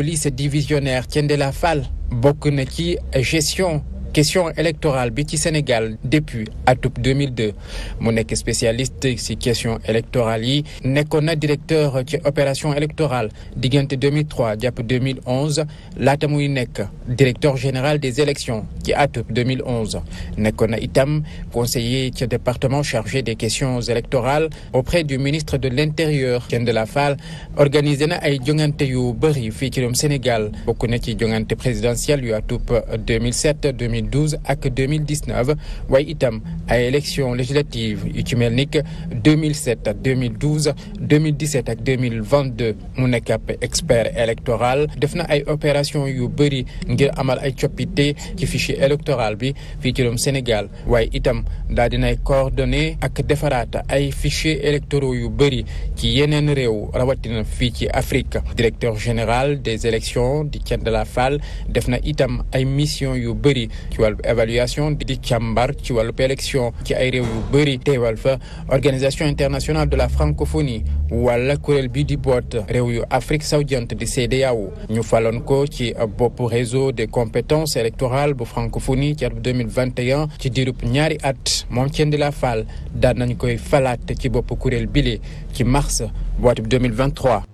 police divisionnaire Thiendella Fall bokk na ci gestion question électorale bi ci Sénégal depuis atub 2002 mu nekk spécialiste ci question électorale yi nekkoon na directeur ci opération électorale diggante 2003 jàpp 2011 laata muy nekk directeur général des élections ci atub 2011 nekkoon na itam conseiller ci département chargé des questions électorales auprès du ministre de l'intérieur la Fall organisé na ay jongante yu bëri fii ci réewum Sénégal bokk na ci jongante présidentielle yu atub 2007 2008 2012 ak 2019 waaye itam ay élections législatives yu ci mel ni que 2007 ak 2012 2017 ak 2022 mu nekk ab expert électoral def na ay opération yu bëri ngir amal ay coppité ci fichier électorale bi fii ci réewum Sénégal waaye itam daa dinay coordonné ak defaraat ay fichiers électoraux yu bëri ci yeneen réew rawatina fii ci Afrique directeur général des élections di Thiendella falle def na itam ay mission yu bëri ci wàllu évaluation di càmbar ci wàllu élection ci ay réew yu bëri teewal fa organisation internationale de la francophonie walla kuréel bi di boot réew yu Afrique sawjant di CEDEAO ñu faloon ko ci bopp réseau de compétences électorales bu francophonie ci at bu 2021 ci diirub ñaari at moom Thiendella la Fall daan nañ koy falaat ci boppu kuréel bile ci mars bu at bu 2023